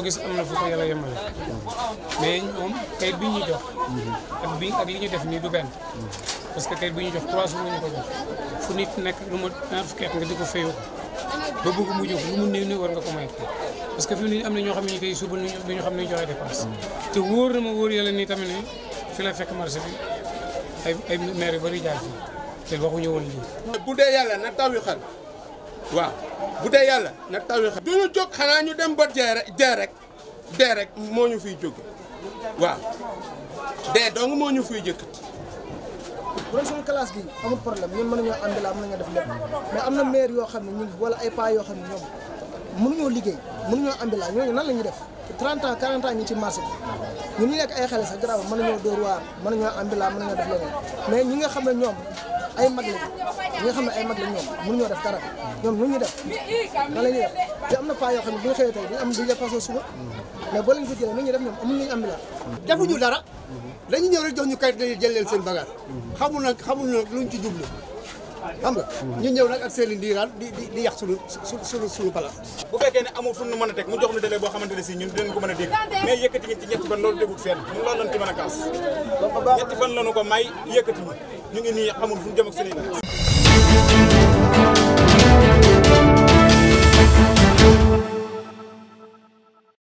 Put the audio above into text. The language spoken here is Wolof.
loo gis am na fu ko yàlla yemale mais ñoom kayit bi ñu jox ak bi ak li ñu def nii du benn parce que kayit bi ñuy jox trois jours ñu ko jox fu nit nekk lu ma ñaar fukki nga di ko fayoo ko ba bëgg mu jóg lu mu néew néew war nga ko may parce que fi mu ne am na ñoo xam ne ñu tey suba du ñu xam ne ñu joxe dépense te wóor na ma wóor yàlla nii tamit fi la fekk marché bi ay ay maire yu bëri jaar fii te waxuñu woon lii bu dee yàlla na taw Wow, budaya lah, nak na tawee xam. du ñu jóg xanaa ñu dem ba dee rek dee rek dee rek moo ñu fiy jóge waaw dee dong moo ñu fiy jëkkati. bu doon suñu classe bi amul problème ñun mënuñoo ànd laa mënuñoo def lépp mais am maire yoo xam ne wala ay paa yoo xam ne ñoom mënuñoo liggéey mënuñoo ànd nan def 30 ans 40 ans ñu ci marché bi ñun ñu ay xale sax garaaw mën nañoo dóor waar def mais ñi nga ay mag lañ ñi nga xam ne ay mag lañ ñoom ñoo def dara ñoom nu ñuy def nan la ñuy def te am na pas yoo xam ne bu ñu xëyee tey dañu am duñ la passé suba mais boo leen ko nu ñuy def ñoom amul ñu am bilan ñu dara dañu ñëw rek jox ñu kayit nañu jël leen seen bagage xamul nag xamul nag luñ ci jublu xam nga. ñu ñëw nag ak seen i ndiiraan di di di yàq suñu suñu suñu palaas. bu fekkee ne amul fu ñu mën a teg mu jox ñu délai boo xamante ne si ñun dinañ ko mën a dégg mais yëkkati ñu ci ñetti fan loolu déggut fenn ñun loolu lañ ci a kaas. ñetti fan la ñu ko may yëkkati ñu ñu ngi nii xamul fu jëm ak seen i